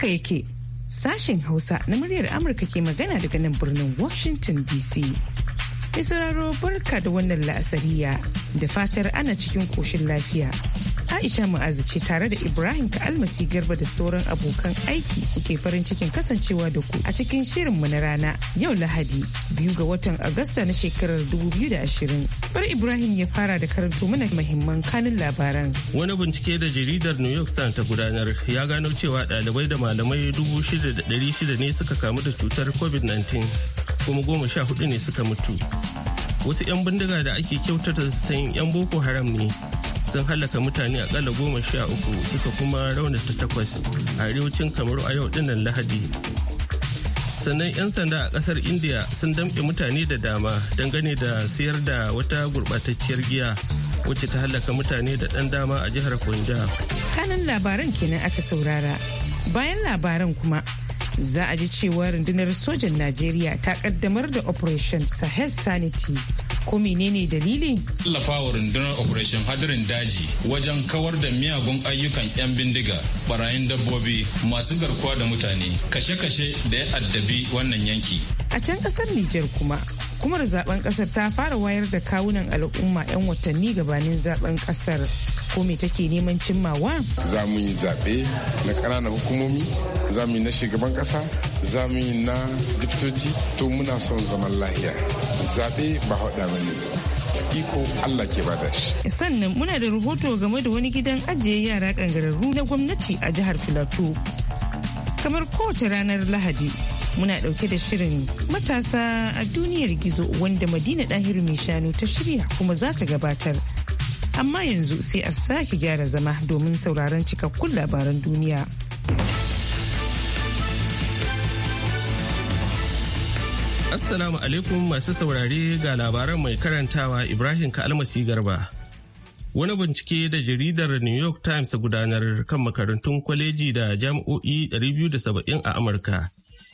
haka yake sashen hausa na muryar amurka ke magana daga nan birnin washington dc mai sauraro barka da wannan la'asariya da fatar ana cikin koshin lafiya Aisha Mu'azu ce tare da Ibrahim ka almasi Garba da sauran abokan aiki kuke farin cikin kasancewa da ku a cikin shirin mu na rana yau Lahadi biyu ga watan Agusta na shekarar 2020. Bar Ibrahim ya fara da karanto mana mahimman kanun labaran. Wani bincike da jaridar New York Times ta gudanar ya gano cewa ɗalibai da malamai shida ne suka kamu da cutar COVID-19 kuma goma sha hudu ne suka mutu. Wasu 'yan bindiga da ake kyautata su ta yin 'yan Boko Haram ne sun halaka mutane a kala goma sha uku suka kuma raunata takwas a arewacin kamar a yau dinnan lahadi sannan 'yan sanda a kasar india sun damke mutane da dama dangane da siyar da wata gurbatacciyar giya wacce ta halaka mutane da dan dama a jihar punjab kanan labaran kenan aka saurara bayan labaran kuma za a ji cewa rundunar sojan najeriya ta kaddamar da operation sahel sanity ko menene dalili? Tallafawa rundunar operation hadirin daji wajen kawar da miyagun ayyukan 'yan bindiga barayin dabbobi masu garkuwa da mutane kashe-kashe da ya addabi wannan yanki. A can kasar Nijar kuma hukumar zaben kasar ta fara wayar da kawunan al'umma 'yan watanni gabanin zaben kasar ko me take neman cimmawa za mu yi zaɓe na ƙananan hukumomi za mu yi na shugaban ƙasa za mu yi na diptoci to muna son zaman lahiya zaɓe ba haɗa ba iko Allah ke bada shi. Sannan muna da rahoto game da wani gidan ajiye yara kangararru na gwamnati a jihar Filato. Kamar kowace ranar Lahadi, muna ɗauke da shirin matasa a duniyar gizo wanda madina ɗahiru mai shanu ta shirya kuma za ta gabatar amma yanzu sai a sake gyara zama domin sauraron cikakkun labaran duniya assalamu alaikum masu saurare ga labaran mai karantawa ibrahim kalmasi garba wani bincike da jaridar new york times gudanar kan makarantun kwaleji da jami'o'i 270 a amurka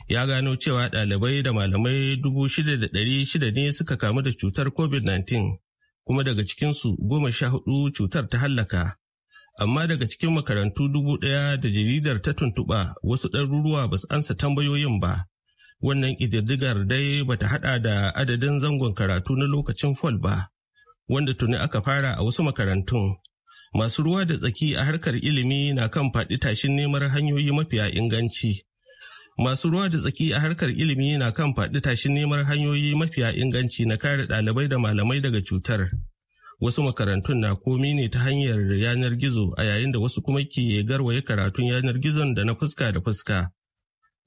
ya gano cewa ɗalibai da malamai da shida ne suka kamu da cutar covid-19 kuma daga cikinsu goma sha hudu cutar ta hallaka amma daga cikin makarantu dubu ɗaya da jaridar ta tuntuɓa wasu ɗaruruwa ba su ansa tambayoyin ba wannan ƙididdigar dai ba ta haɗa da adadin zangon karatu na lokacin fol ba wanda tuni aka fara a wasu makarantun masu ruwa da tsaki a harkar ilimi na kan faɗi tashin neman hanyoyi mafiya inganci masu ruwa da tsaki a harkar ilimi na kan faɗi tashin neman hanyoyi mafiya inganci na kare ɗalibai da malamai daga cutar wasu makarantun na komi ne ta hanyar yanar gizo a yayin da wasu kuma ke garwaye karatun yanar gizon da na fuska da fuska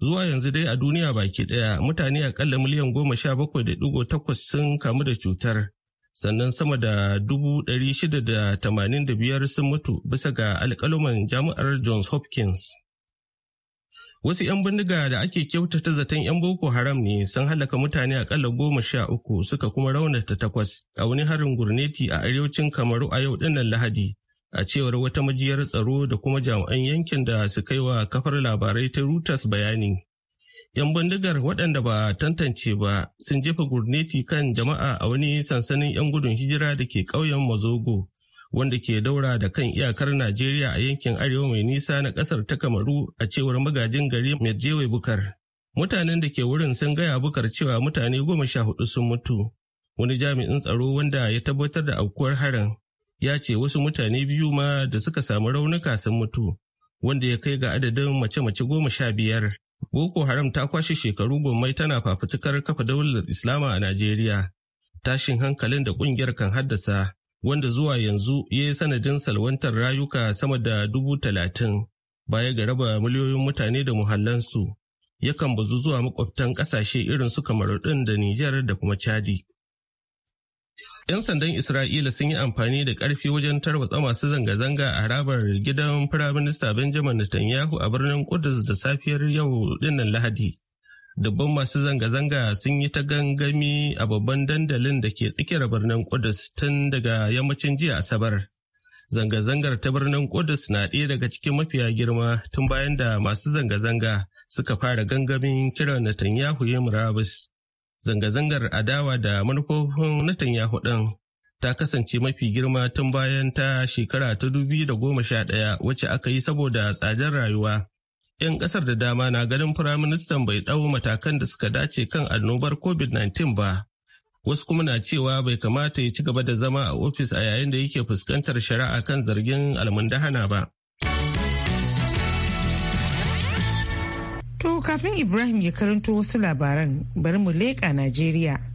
zuwa yanzu dai a duniya baki ɗaya mutane akalla miliyan goma sha bakwai da ɗigo takwas sun kamu da cutar sannan sama da dubu ɗari shida da tamanin da biyar sun mutu bisa ga alƙaluman jami'ar johns hopkins Wasu 'yan bindiga da ake kyautata zaton 'yan Boko Haram ne sun halaka mutane akalla goma sha uku suka kuma raunata takwas a wani harin gurneti a arewacin Kamaru a yau dinnan Lahadi. A cewar wata majiyar tsaro da kuma jami'an yankin da su kai wa kafar labarai ta Reuters bayani. 'Yan bindigar waɗanda ba tantance ba sun jefa gurneti kan jama'a a wani sansanin 'yan gudun hijira da ke ƙauyen Mazogo wanda ke daura da kan iyakar Najeriya a yankin arewa mai nisa na kasar ta Kamaru a cewar magajin gari Medjewe Bukar. Mutanen da ke wurin sun gaya Bukar cewa mutane goma sha hudu sun mutu. Wani jami'in tsaro wanda ya tabbatar da aukuwar harin ya ce wasu mutane biyu ma da suka samu raunuka sun mutu, wanda ya kai ga adadin mace-mace goma sha biyar. Boko Haram ta kwashe shekaru goma tana fafutukar kafa daular Islama a Najeriya. Tashin hankalin da kungiyar kan haddasa wanda zuwa yanzu ya yi sanadin salwantar rayuka sama da dubu talatin baya ga raba miliyoyin mutane da muhallansu yakan bazu zuwa makwabtan ƙasashe irin su kamar ɗin da Nijar da kuma Chadi. 'Yan sandan Isra'ila sun yi amfani da ƙarfi wajen tarwatsa masu zanga-zanga a harabar gidan Firaminista Benjamin Netanyahu a birnin Kudus da safiyar yau dinnan Lahadi. dubban masu zanga-zanga sun yi ta gangami a babban dandalin da ke tsakiyar birnin Kudus tun daga yammacin jiya Asabar. Zanga-zangar ta birnin Kudus na ɗaya daga cikin mafiya girma tun bayan da masu zanga-zanga suka fara gangamin kiran Netanyahu ya murabus. Zanga-zangar adawa da manufofin Netanyahu ɗin ta kasance mafi girma tun bayan ta shekara ta dubi da goma sha ɗaya wacce aka yi saboda tsadar rayuwa. 'yan kasar da dama na ganin firaministan bai ɗau matakan da suka dace kan annobar covid-19 ba wasu kuma na cewa bai kamata ya ci gaba da zama a ofis a yayin da yake fuskantar shari'a kan zargin almundahana ba to kafin ibrahim ya karanto wasu labaran bari mu leƙa najeriya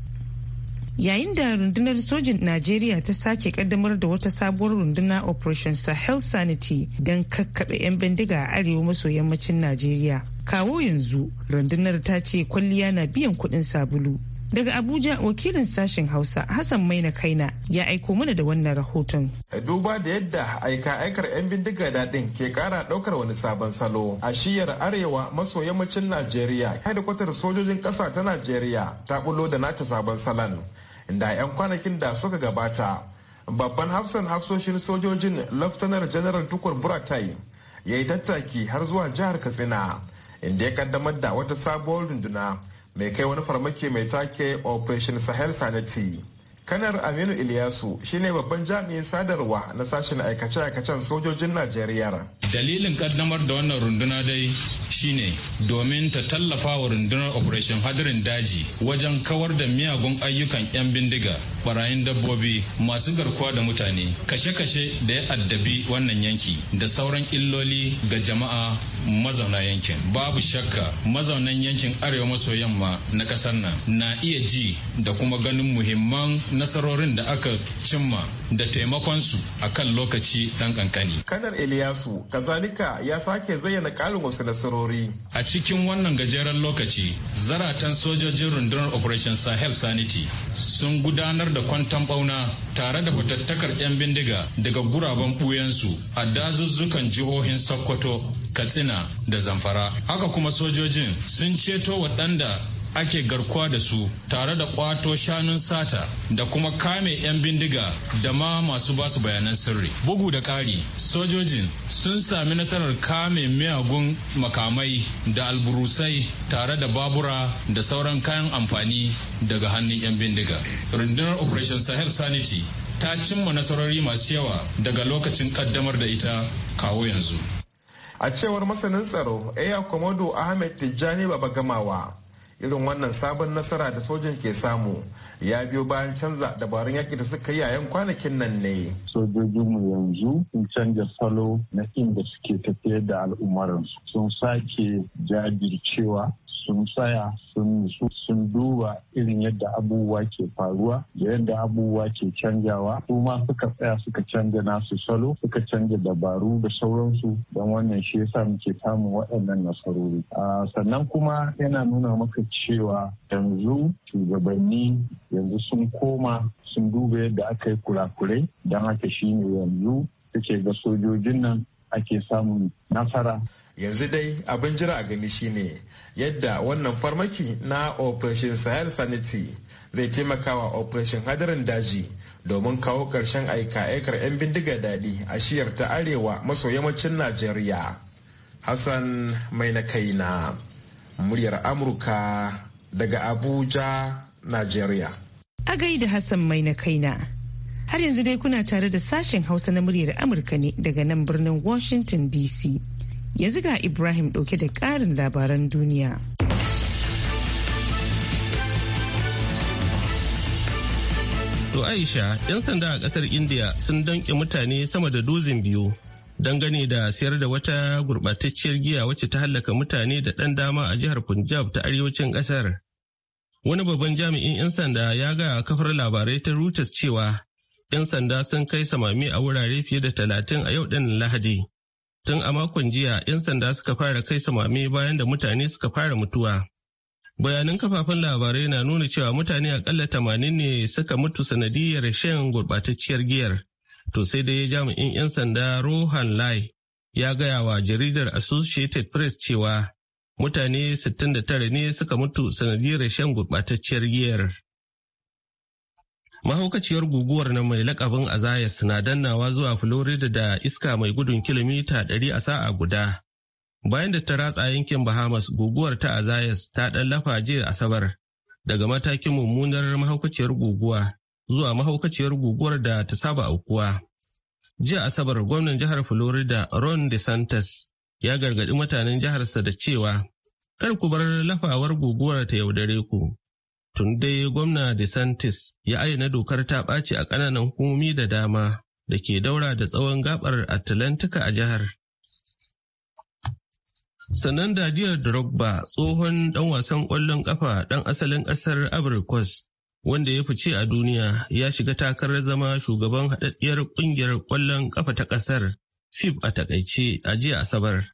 yayin da rundunar sojin najeriya ta sake kaddamar da wata sabuwar runduna operation sahel sanity don kakkaɓe 'yan bindiga a arewa maso yammacin najeriya kawo yanzu rundunar ta ce kwalliya na biyan kuɗin sabulu daga abuja wakilin sashen hausa hassan maina kaina ya aiko mana da wannan rahoton duba da yadda aika aikar 'yan bindiga daɗin ke kara ɗaukar wani sabon salo a shiyar arewa maso yammacin najeriya hedikwatar sojojin ƙasa ta najeriya ta bulo da nata sabon salon da 'yan kwanakin da suka gabata babban hafsan hafsoshin sojojin laftanar janaral tukur buratai ya yi tattaki har zuwa jihar katsina inda ya kaddamar da wata sabuwar runduna mai kai wani farmaki mai take operation sahel sanity kanar aminu iliyasu shine babban jami'in sadarwa na sashen aikace-aikacen sojojin najeriya dalilin kaddamar da wannan runduna dai shine domin ta tallafa wa rundunar operation hadirin daji wajen kawar da miyagun ayyukan 'yan bindiga barayin dabbobi masu garkuwa da mutane kashe-kashe da ya addabi wannan yanki da sauran illoli ga jama'a mazauna yankin babu shakka mazaunan yankin arewa maso yamma na kasar nan na iya ji da kuma ganin muhimman nasarorin da aka cimma da taimakonsu a kan lokaci dan kankani. Kanar Iliyasu kazalika ya sake zayyana ƙarin wasu nasarori. A cikin wannan gajeren lokaci zaratan sojojin rundunar Operation Sahel Sanity sun gudanar da kwantan bauna tare da fitattakar 'yan bindiga daga guraben ɓuyansu a dazuzzukan jihohin Sokoto, Katsina da Zamfara. Haka kuma sojojin sun ceto waɗanda ake garkuwa da su tare da kwato shanun sata da kuma kame 'yan bindiga da ma masu basu bayanan sirri. Bugu da ƙari, sojojin sun sami nasarar kame miyagun makamai da alburusai tare da babura da sauran kayan amfani daga hannun 'yan bindiga. Rundunar Operation Sahel Sanity ta cimma nasarori masu yawa daga lokacin kaddamar da ita kawo yanzu. A cewar masanin tsaro, Air Komodo Ahmed Tijjani Babagamawa, irin wannan sabon nasara da sojan ke samu ya biyo bayan canza dabarun yaƙi da suka yi yan kwanakin nan ne. Sojojinmu yanzu sun canza salo na inda suke tafiyar da al'ummaransu sun sake jajircewa sun tsaya sun sun duba irin yadda abubuwa ke faruwa da yadda abubuwa ke canjawa su ma suka tsaya suka canja nasu salo suka canja dabaru da sauransu don wannan shi yasa muke samun waɗannan nasarori sannan kuma yana nuna maka cewa yanzu shugabanni yanzu sun koma sun duba yadda aka yi kurakurai don haka shine yanzu take ga sojojin nan ake samun nasara. Yanzu dai abin jira a gani shine yadda wannan farmaki na Operation Sahel Sanity zai taimakawa Operation Hadarin Daji domin kawo ƙarshen aika-aikar 'yan bindiga daɗi a shiyar ta arewa maso yammacin Najeriya. Hassan mai na na muryar Amurka daga Abuja, Najeriya. A gaida Hassan mai na na. Har yanzu dai kuna tare da sashen Hausa na muryar Amurka ne daga nan birnin Washington DC. Yanzu ga Ibrahim ɗauke da ƙarin labaran duniya. To Aisha, 'yan sanda a ƙasar India sun danke mutane sama da dozin biyu dangane da sayar da wata gurɓatacciyar giya wacce ta hallaka mutane da ɗan dama a jihar Punjab ta arewacin ƙasar. Wani babban jami'in 'yan sanda ya ga kafar labarai ta Reuters cewa 'Yan sanda sun kai samami a wurare fiye da talatin a yau ɗin Lahadi. Tun a makon jiya 'yan sanda suka fara kai samami bayan da mutane suka fara mutuwa. Bayanan kafafen labarai na nuna cewa mutane akalla tamanin ne suka mutu sanadiyar shan gurɓatacciyar giyar. To sai dai jami'in 'yan sanda Rohan Lai ya gaya wa jaridar Associated Press cewa mutane 69 ne suka mutu sanadiyar shan gurɓatacciyar giyar. mahaukaciyar guguwar na mai lakabin azayas na dannawa zuwa florida da iska mai gudun kilomita 100 a sa'a guda bayan da ta ratsa yankin bahamas guguwar ta azayas ta ɗan lafa jiya asabar daga matakin mummunar mahaukaciyar guguwa zuwa mahaukaciyar guguwar da ta saba aukuwa jiya asabar gwamnan jihar florida ron desantis ya gargadi mutanen jiharsa da cewa kar ku bar lafawar guguwar ta yaudare ku Tun dai gwamna DeSantis ya ayyana dokar ta ɓaci a ƙananan hukumomi da dama da ke daura da tsawon gabar Atlantika a jihar. Sannan Dadiyar Drogba tsohon ɗan wasan ƙwallon ƙafa ɗan asalin ƙasar Abrikos wanda ya fice a duniya ya shiga takarar zama shugaban haɗaɗɗiyar ƙungiyar ƙwallon ƙafa ta ƙasar FIB a takaice a jiya Asabar.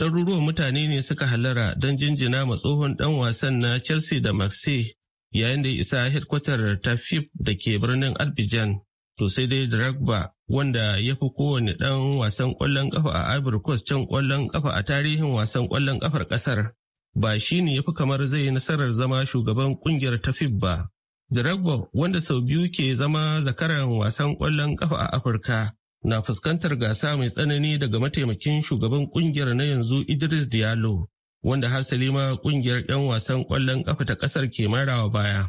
ɗaruruwan mutane ne suka halara don jinjina ma tsohon ɗan wasan na Chelsea da Marseille yayin da ya isa hedkwatar tafif da ke birnin abidjan to sai dai dragba wanda ya fi kowane ɗan wasan ƙwallon ƙafa a ivory coast can ƙwallon ƙafa a tarihin wasan ƙwallon ƙafar ƙasar ba shi ne ya fi kamar zai nasarar zama shugaban ƙungiyar tafif ba dragba wanda sau biyu ke zama zakaran wasan ƙwallon ƙafa a afirka na fuskantar gasa mai tsanani daga mataimakin shugaban ƙungiyar na yanzu idris diallo wanda hasali ma kungiyar 'yan wasan kwallon kafa ta kasar ke marawa baya.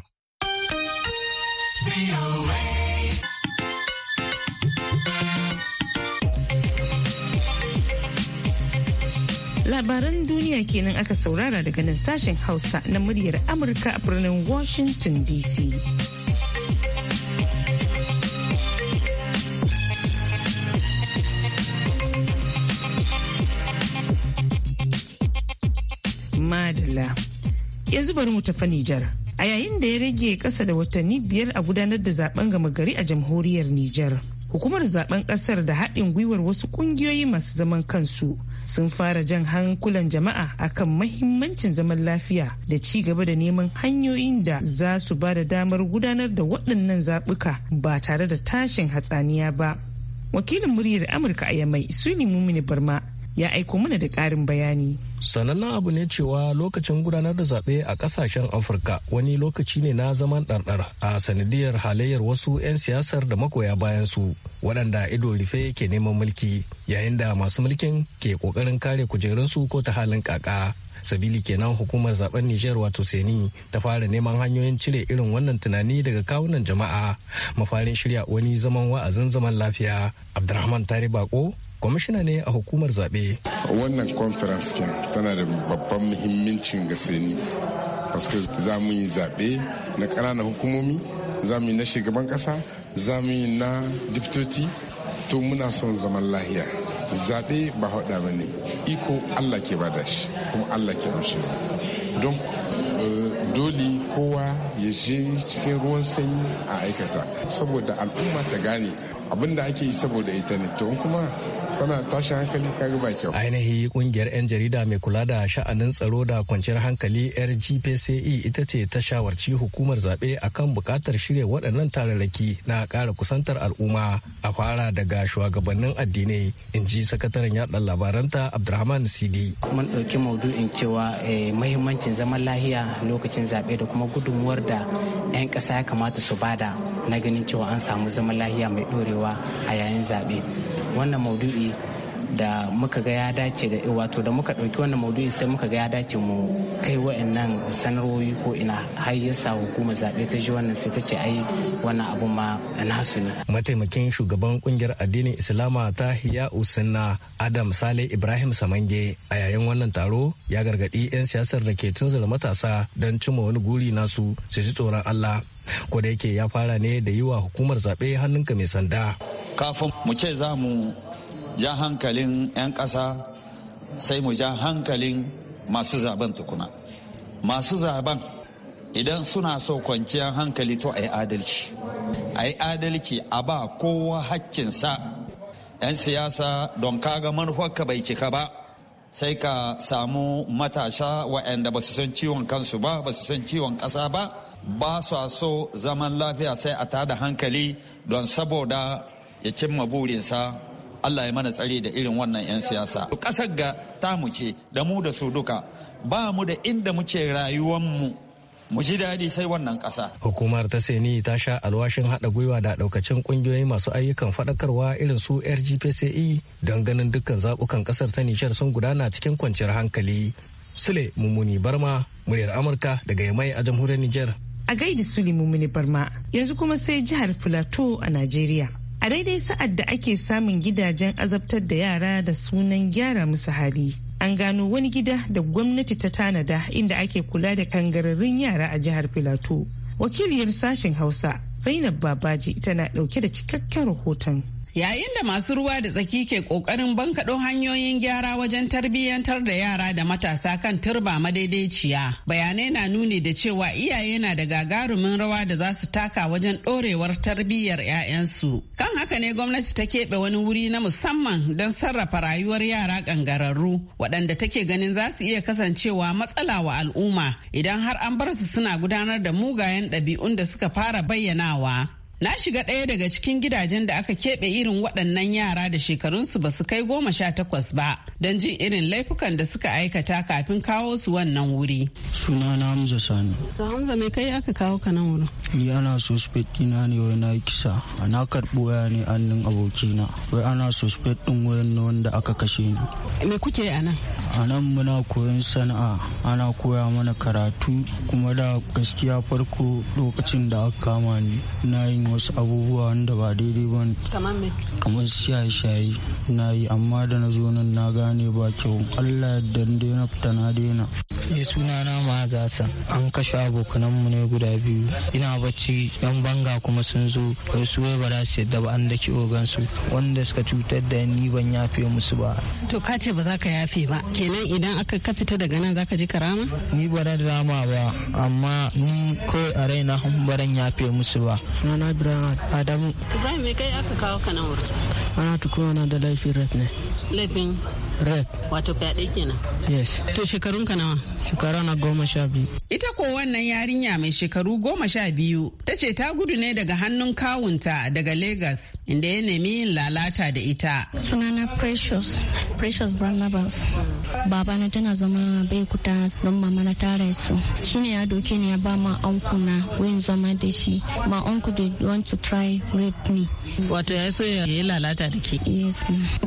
Labaran duniya kenan aka saurara daga nan sashen Hausa na muryar Amurka a birnin Washington DC. madalla yanzu bari mu tafi Nijar. A yayin da ya rage kasa da watanni biyar a gudanar da zaben gama gari a jamhuriyar Nijar. Hukumar zaben kasar da haɗin gwiwar wasu ƙungiyoyi masu zaman kansu sun fara jan hankulan jama'a akan mahimmancin zaman lafiya da ci gaba da neman hanyoyin da za su ba da damar gudanar da waɗannan zaɓuka ba tare da tashin hatsaniya ba. Wakilin muryar Amurka a Yamai, Suni Mumini Barma, ya aiko mana da ƙarin bayani. Sanannen abu ne cewa lokacin gudanar da zaɓe a ƙasashen Afirka wani lokaci ne na zaman ɗarɗar a sanadiyar halayyar wasu 'yan siyasar da makoya bayan su waɗanda ido rufe ke neman mulki yayin da masu mulkin ke ƙoƙarin kare kujerunsu ko ta halin ƙaƙa. sabili kenan hukumar zaben Nijar wato Seni ta fara neman hanyoyin cire irin wannan tunani daga kawunan jama'a mafarin shirya wani zaman wa'azin zaman lafiya Abdulrahman Tare Bako kwamishina ne a hukumar zaɓe. wannan conference kin tana da babban muhimmancin gaseni paske za mu yi zaɓe na ƙananan hukumomi za mu yi na shugaban ƙasa za mu yi na diptoti to muna son zaman lahiya zaɓe ba haɗa ba ne iko allah ke ba shi kuma allah ke amshi don eh, dole kowa ya je cikin ruwan sanyi a aikata saboda al'umma ta gane abin da ake yi saboda ita ne to kuma kana tashin hankali ga ba kyau ainihi kungiyar 'yan jarida mai kula da sha'anin tsaro da kwanciyar hankali rgpce ita ce ta shawarci hukumar zaɓe akan buƙatar shirya waɗannan tararraki na ƙara kusantar al'umma a fara daga shugabannin addinai in ji sakataren yaɗa labaranta abdulrahman sidi mun ɗauki maudu'in cewa eh, mahimmancin zaman lahiya lokacin zaɓe da kuma gudunmuwar da 'yan ƙasa ya kamata su bada na ganin cewa an samu zaman lahiya mai ɗorewa a yayin zaɓe wannan maudu'i da muka ga ya dace da wato da muka ɗauki wannan maudu'i sai muka ga ya dace mu kai wa'annan sanarwoyi ko ina har ya sa hukumar zaɓe ta ji wannan sai ta ce ai wannan abun ma nasu ne. Mataimakin shugaban kungiyar addinin Islama ta Hiya Usanna Adam Sale Ibrahim Samange a yayin wannan taro ya gargaɗi 'yan siyasar da ke da matasa don cimma wani guri nasu su ji tsoron Allah. Ko da yake ya fara ne da yi wa hukumar zaɓe hannunka mai sanda. Kafin mu ce za mu ja hankalin 'yan ƙasa sai mu ja hankalin masu zaben tukuna masu zaben idan suna so kwanciyar hankali to a yi adalci a yi adalci a ba kowa haƙƙinsa 'yan siyasa don kaga manufarka bai cika ba sai ka samu matasha wa'anda ba su san ciwon kansu ba ba su san ciwon ƙasa ba ba su so zaman lafiya sai a tada hankali don saboda ya cimma burinsa Allah ya mana tsare da irin wannan 'yan siyasa ƙasar ga tamu ce da mu da su duka ba mu da inda muke rayuwanmu mu ji daɗi sai wannan ƙasa. Hukumar ta Seni ta sha alwashin haɗa gwiwa da ɗaukacin ƙungiyoyi masu ayyukan faɗakarwa irin su RGPCE don ganin dukkan zaɓukan ƙasar ta Nijar sun gudana cikin kwanciyar hankali. Sule Mummuni Barma, muryar Amurka daga Yamai a jamhuriyar Nijar. A gaida Sule Mummuni Barma, yanzu kuma sai jihar Filato a Najeriya. a daidai sa'ad da ake samun gidajen azabtar da yara da sunan gyara musu hali an gano wani gida da gwamnati ta tanada inda ake kula da kangararrun yara a jihar filato wakiliyar sashen hausa zainab babaji tana dauke da cikakken rahoton Yayin da masu ruwa da tsaki ke ƙoƙarin bankaɗo hanyoyin gyara wajen tarbiyyantar da yara da matasa kan turba madaidaiciya, bayanai na nuni da cewa iyaye na da gagarumin rawa da za su taka wajen ɗorewar tarbiyyar 'ya'yansu. Kan haka ne gwamnati ta keɓe wani wuri na musamman don sarrafa rayuwar yara ƙangararru waɗanda take ganin za su iya kasancewa matsala wa al'umma idan har an bar su suna gudanar da mugayen ɗabi'un da suka fara bayyanawa. Na shiga ɗaya daga cikin gidajen da aka keɓe irin waɗannan yara da shekarunsu ba su kai goma sha takwas ba don jin irin laifukan da suka aikata kafin kawo su wannan wuri. Suna na Hamza Sani. To Hamza mai kai aka kawo ka nan wurin? Ni ana suspect dina ne wai na kisa. Na karɓo ya ne annin abokina. Wai ana suspect ɗin wayan wanda aka kashe ni. Me kuke a nan? a nan muna koyon sana'a ana koya mana karatu kuma da gaskiya farko lokacin da aka kama ni na yi wasu abubuwa wanda ba daidai ba kamar shaye-shaye na yi amma da na zo nan na gane ba kyau allah da daina fita na daina ya suna na ma'azasan an kashe abokanan mu ne guda biyu ina bacci yan banga kuma sun zo wasu wai ba za su yadda ba an da ogansu wanda suka cutar da ni ban yafe musu ba to ka ce ba za ka yafe ba kenan idan aka ka fita daga nan zaka ji karama ni ba da rama ba amma ni ko a raina baran ya fi musu ba sunana ibrahim adamu ibrahim me kai aka kawo ka nan wurin ana tukuma na da laifin rat ne laifin rat wato fyaɗe kenan yes to shekarun ka nawa shekara na goma sha biyu ita ko wannan yarinya mai shekaru goma sha biyu ta ce ta gudu ne daga hannun kawunta daga lagos inda ya nemi yin lalata da ita sunana precious precious barnabas babana tana zama bai kuta don mama na tara su ne ya doke ni ya ba ma anku na wayin zama da shi ma anku da want to try rape me wato ya so ya yi lalata da ke yes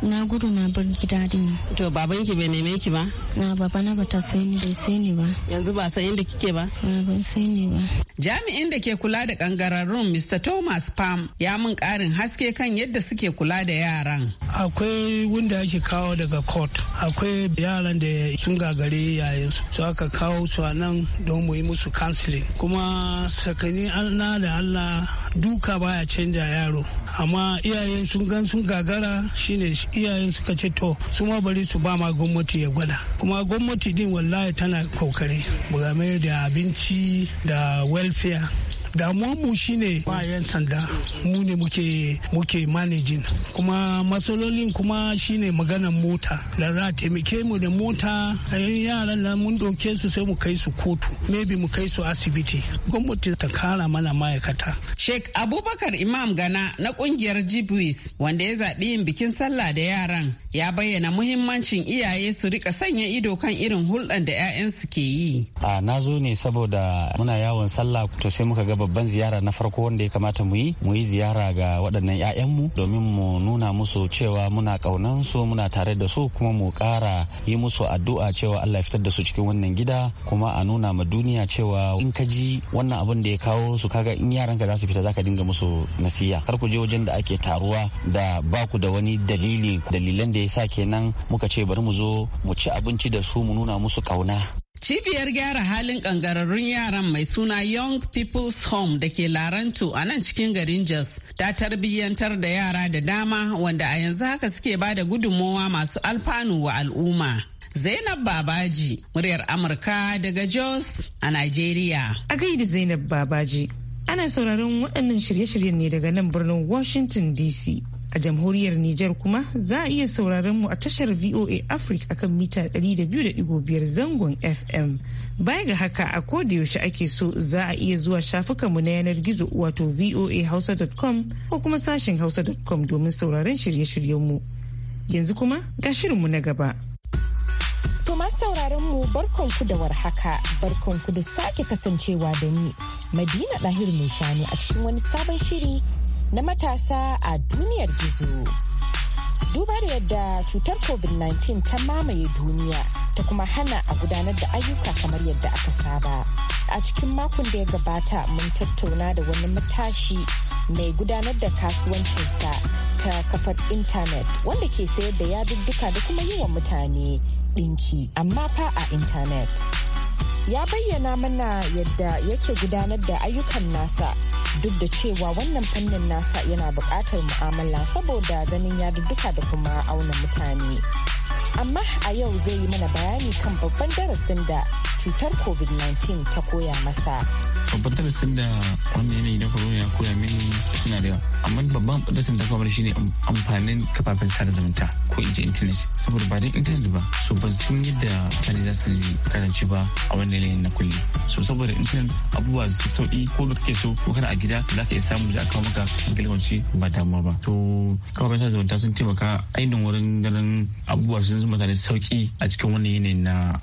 na gudu na bar gida din to baban ki bai neme ki ba na baba na bata sai ni bai sai ni ba yanzu ba san inda kike ba na ban sai ni ba jami'in da ke kula da kangararrun Mr. Thomas Pam ya mun karin haske kan yadda suke kula da yaran akwai wanda ake kawo daga court akwai yara yaran da sun gagare yayin su su aka kawo su a nan don mu yi musu counseling kuma sakani na da allah duka baya canja yaro amma iyayen sun gan sun gagara shine iyayen suka ce to su ma bari su ba ma gwamnati ya gwada kuma gwamnati din wallahi tana kokari game da abinci da welfare damuwanmu shine ba yan sanda mu ne muke manajin kuma matsalolin kuma shine maganan mota da za a taimake mu da mota eh, yaran nan mun doke su sai mu kai su kotu maybe mu kai su asibiti gwamnati ta kara mana ma'aikata sheikh abubakar imam gana na kungiyar jibwis wanda ya zaɓi yin bikin sallah da yaran ya bayyana muhimmancin iyaye su rika sanya ido kan irin hulɗar da 'ya'yansu ke yi. A na zo ne saboda muna yawon sallah to sai muka ga babban ziyara na farko wanda ya kamata mu yi mu yi ziyara ga waɗannan 'ya'yanmu domin mu nuna musu cewa muna ƙaunan su muna tare da su kuma mu ƙara yi musu addu'a cewa Allah ya fitar da su cikin wannan gida kuma a nuna ma duniya cewa in ka ji wannan abin da ya kawo su kaga in yaranka za su fita za ka dinga musu nasiya kar ku je wajen da ake taruwa da baku da wani dalili dalilan da ya ya sa kenan muka ce bari mu zo mu ci abinci da su mu nuna musu kauna Cibiyar gyara halin kangararrun yaran mai suna Young People's Home da ke Larantu a nan cikin garin Jos ta tarbiyyantar da yara da dama wanda a yanzu haka suke ba da gudunmowa masu alfanu wa al'umma. Zainab Babaji, muryar Amurka daga Jos a Nigeria. A gaida Zainab Babaji, ana sauraron waɗannan shirye-shiryen ne daga nan birnin Washington DC. A jamhuriyar Nijar kuma za a iya sauraron mu a tashar VOA Africa akan mita 200.5 zangon FM. Baya ga haka a da yaushe ake so za a iya zuwa mu na yanar gizo wato voahausa.com ko kuma sashen hausa.com domin sauraron shirye-shiryenmu. Yanzu kuma ga shirinmu na gaba. To sauraron mu barkonku da warhaka, barkonku da sake kasancewa da ni. Madina Dahir mai shani a cikin wani sabon shiri na matasa a duniyar gizo. Duba da yadda cutar COVID-19 ta mamaye duniya ta kuma hana a gudanar da ayyuka kamar yadda aka saba. A cikin makon da ya gabata mun tattauna da wani matashi mai gudanar da kasuwancinsa ta kafar intanet wanda ke sayar da yadudduka da kuma yi wa mutane ɗinki amma fa a intanet. ya bayyana mana yadda yake gudanar da ayyukan nasa duk da cewa wannan fannin nasa yana buƙatar mu'amala saboda ganin ya duka da kuma auna mutane amma a yau zai yi mana bayani kan babban darasin da cutar covid-19 ta koya masa babban darasin da wani yanayi na corona ya koya mini suna da yawa amma babban darasin da kamar shine amfanin kafafen sada zumunta ko in intanet saboda ba dan intanet ba so ban san yadda mutane za su karanci ba a wannan yanayin na kulle so saboda intanet abubuwa su sauki ko da kake so ko kana a gida za ka iya samu da aka maka galibanci ba damuwa ba to kafafen sada zumunta sun taimaka ainihin wurin ganin abubuwa sun zama mutane sauki a cikin wannan yanayin na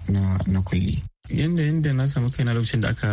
na kulle yanda yanda na samu kaina lokacin da aka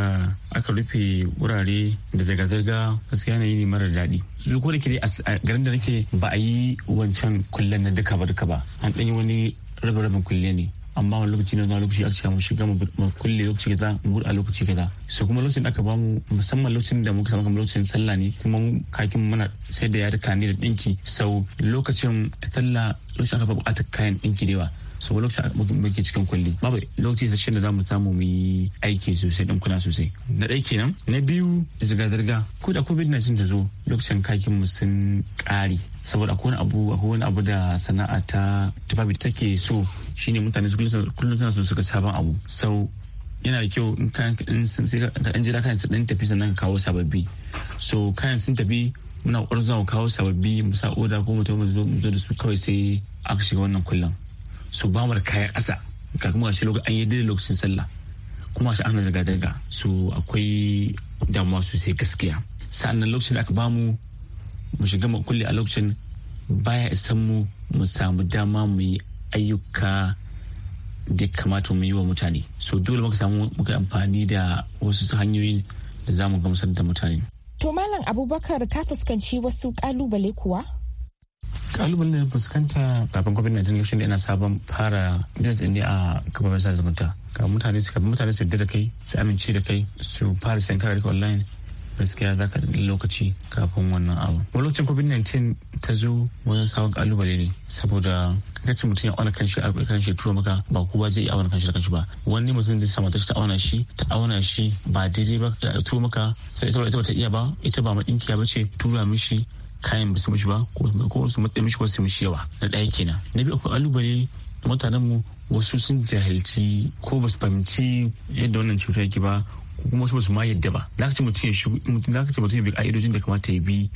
aka rufe wurare da zirga-zirga gaskiya na yi ne mara daɗi su ko da ke a garin da nake ba a yi wancan kullen na duka ba duka ba an ɗanyi wani rabin-rabin kulle ne amma wani lokaci na lokaci aka mu shiga mu kulle lokaci kaza mu buɗa lokaci kaza su kuma lokacin da aka bamu musamman lokacin da muka samu kamar lokacin sallah ne kuma mu kakin muna sai da yarka ne da ɗinki sau lokacin sallah lokacin aka ba bukatar kayan ɗinki da yawa so lokacin muke cikin kwalli babu lokacin da shan da zamu samu mu yi aiki sosai ɗan kula sosai na ɗaya kenan na biyu da zirga zirga ko da covid 19 ta zo lokacin kakin mu sun ƙare saboda akwai abu akwai wani abu da sana'a ta tufafi take so shine mutane kullum suna so suka sabon abu sau yana da kyau in kayan in jira kayan su ɗan tafi sannan ka kawo sababbi so kayan sun tafi muna ƙwarzon kawo sababbi mu sa oda ko mu zo da su kawai sai aka shiga wannan kullum su ba mu da kayan ƙasa ka shi lokacin an yi daidai lokacin sallah kuma shi ana daga daga su akwai damuwa sosai gaskiya sa'annan lokacin da aka ba mu mu shiga mu kulle a lokacin baya isan mu mu samu dama mu yi ayyuka da kamata mu yi wa mutane so dole muka samu muka amfani da wasu hanyoyin da za mu gamsar da mutane to malam abubakar ka fuskanci wasu kalubale kuwa kalubalen da fuskanta kafin covid-19 lokacin da ina sabon fara business ne a kamar sada zumunta ga mutane su kafin mutane su da kai su amince da kai su fara sayan kayayyaki online gaskiya za ka lokaci kafin wannan abu wani lokacin covid-19 ta zo wajen sabon kalubale ne saboda kacin mutum ya auna kanshi a kanshi turo maka ba kowa zai auna kanshi da kanshi ba wani mutum zai samu ta auna shi ta auna shi ba daidai ba ta turo maka sai ita ba ta iya ba ita ba ma madinkiya ba ce tura mishi kayan su mushi ba ko su matsayi mushi ko su mushi yawa na ɗaya kenan na biyu akwai da mutanen mu wasu sun jahilci ko ba su fahimci yadda wannan cutar yake ba ko kuma wasu ba su ma yadda ba za ka ce mutum ya mutum ya bi ka'idojin da kamata ya bi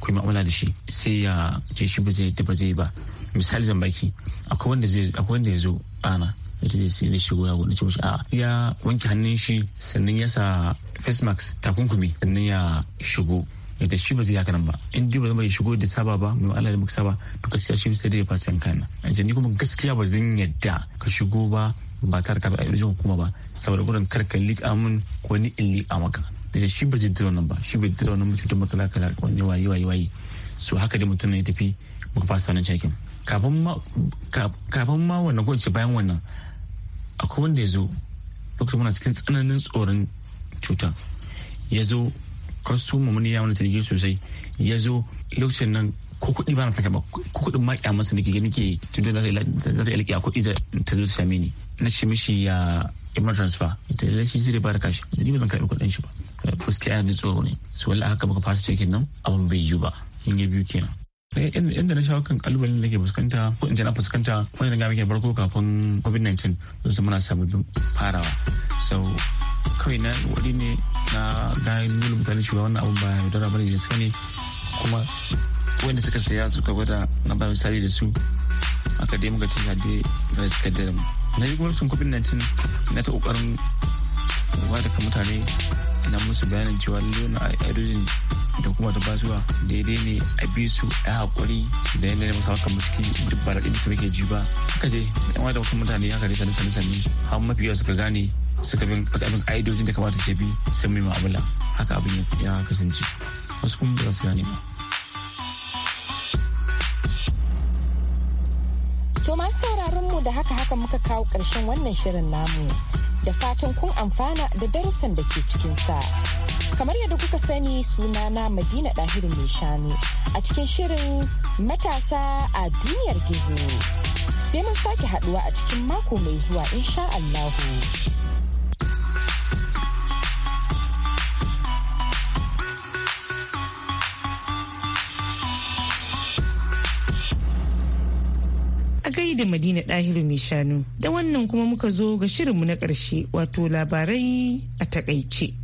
ku yi da shi sai ya ce shi ba zai yadda ba zai ba misali zan baki akwai wanda zai akwai wanda ya zo ana ya ce sai da shigo ya gudu ce a ya wanke hannun shi sannan ya sa face mask takunkumi sannan ya shigo yadda shi ba zai haka nan ba in dai ba zama ya shigo da saba ba mai Allah da muka saba to gaskiya shi sai dai ya fasa yankan nan a ni kuma gaskiya ba zan yadda ka shigo ba ba tare ka bi ayyukan hukuma ba saboda gurin kar liƙa mun ko ni in liƙa maka da shi ba zai dira wannan ba shi ba dira wannan mutum makala kala wani waye waye waye so haka dai mutum ya tafi muka fasa wannan cakin kafin ma kafin ma wannan ko ce bayan wannan akwai wanda ya zo dokta muna cikin tsananin tsoron cuta ya zo kwastoma mun ya wani zargi sosai ya zo lokacin nan ko kuɗi ba na saka ba ko kuɗin ma kyamarsa da nake nake ke tudu za ta ilki a kuɗi da ta zo ta same ni na ce mishi ya imar transfer ita da shi zai ba da kashi ni ba zan karɓi kuɗin shi ba fuska eh, yana da tsoro ne su wala haka baka fasa cikin nan abin bai yiwu ba yin ya biyu kenan inda eh, na shawo kan kalubalen da ke fuskanta ko in na fuskanta wani da gami ke farko kafin covid-19 su muna sabbin farawa so kawai na wani ne na dayan nuna mutane cewa wannan abun ba yaudara bane gaske ne kuma wanda suka saya suka gwada na ba misali da su aka dai muka cin hade da suka dare mu na yi gwamnatin covid-19 na ta kokarin ba da mutane na musu bayanin cewa lona hydrogen da kuma ta basuwa daidai ne a bi su a haƙuri da yanayin masu haka muski duk ba da su muke ji ba haka dai yan wata wasu mutane haka dai sanin sanin sanin har mafi yawa suka gane suka bin faɗaɗin aidojin da kamata su bi sun mai ma'amala haka abin ya kasance wasu kuma ba su gane ba. To masu sauraron mu da haka haka muka kawo ƙarshen wannan shirin namu da fatan kun amfana da darussan da ke cikinsa. sa. Kamar yadda kuka sani sunana Madina Dahiru mai shanu a cikin shirin matasa a duniyar gizo. Sai mun sake haduwa a cikin mako mai zuwa insha Allahu. da Madina Dahiru mai shanu. Da wannan kuma muka zo ga shirinmu na ƙarshe wato labarai a takaice.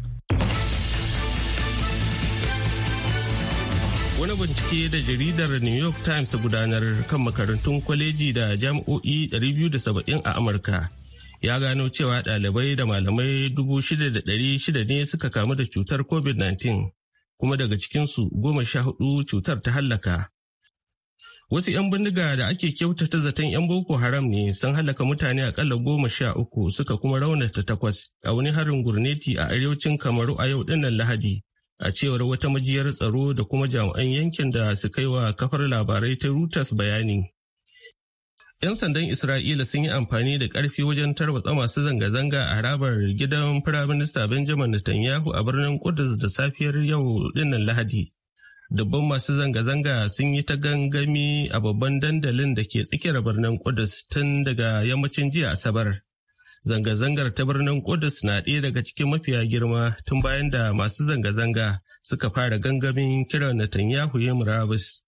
wani bincike da jaridar new york times gudanar kan makarantun kwaleji da jami'o'i 270 a amurka ya gano cewa ɗalibai da malamai 6,600 ne suka kamu da cutar covid-19 kuma daga cikinsu goma sha hudu cutar ta hallaka wasu 'yan bindiga da ake kyautata zaton 'yan boko haram ne sun hallaka mutane akalla goma sha uku suka kuma raunata takwas a wani harin gurneti a arewacin kamaru a yau dinnan lahadi a cewar wata majiyar tsaro da kuma jami'an yankin da su kai wa kafar labarai ta Reuters bayani. 'Yan sandan Isra'ila sun yi amfani da ƙarfi wajen tarwatsa masu zanga-zanga a harabar gidan Firaminista Benjamin Netanyahu a birnin Kudus da safiyar yau dinnan Lahadi. Dubban masu zanga-zanga sun yi ta gangami a babban dandalin da ke tsakiyar birnin Kudus tun daga yammacin jiya Asabar. Zanga-zangar ta birnin Kudus na ɗaya daga cikin mafiya girma tun bayan da masu zanga-zanga suka fara gangamin kiran Netanyahu ya murabus.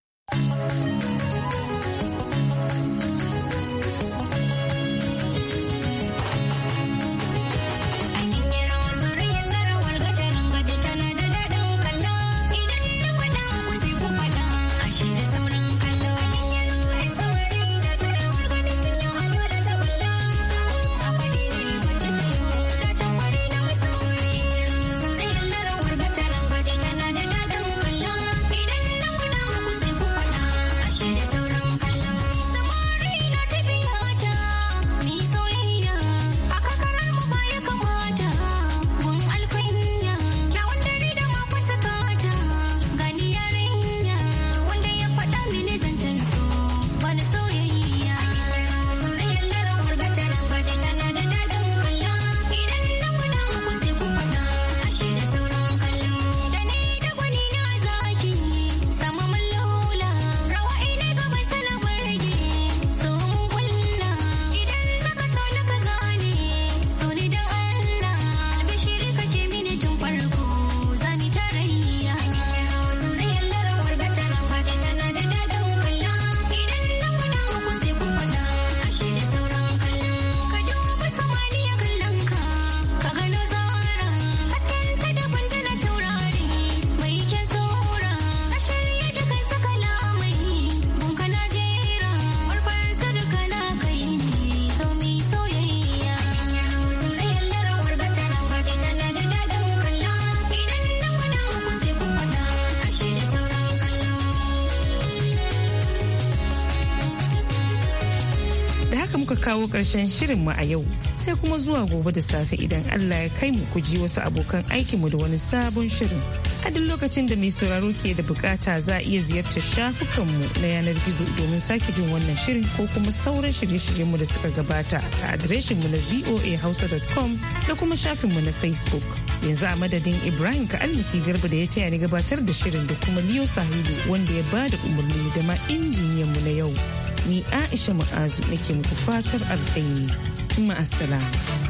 kawo ƙarshen shirinmu a yau sai kuma zuwa gobe da safe idan Allah ya kai mu ku ji wasu abokan mu da wani sabon shirin. A duk lokacin da mai sauraro ke da bukata za a iya ziyartar shafukanmu na yanar gizo domin sake jin wannan shirin ko kuma sauran shirye-shiryenmu da suka gabata ta adireshinmu na voahausa.com da kuma shafinmu na Facebook. yanzu a madadin ibrahim ka garba da ya taya ni gabatar da shirin da kuma liyo sahibu wanda ya ba da umarni da ma injiniyan mu na yau ni aisha mu'azu nake muku fatar alkhairi ma'assalam